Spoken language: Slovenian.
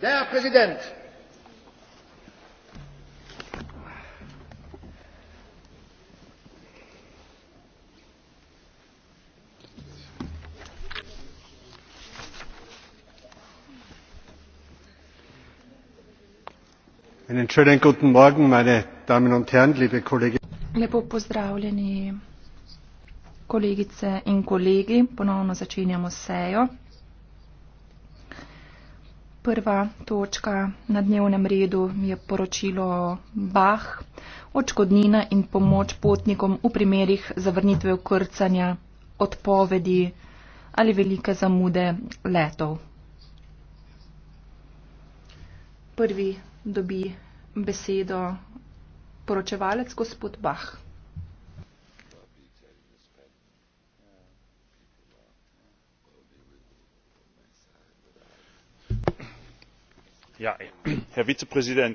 Herr Präsident! Einen schönen guten Morgen, meine Damen und Herren, liebe Kolleginnen und Kollegen. Ponovno začenjamo sejo prva točka na dnevnem redu je poročilo Bah, očkodnina in pomoč potnikom v primerih zavrnitve okrcanja, odpovedi ali velike zamude letov. Prvi dobi besedo poročevalec gospod Bah. Ja, ja. herr vizepräsident!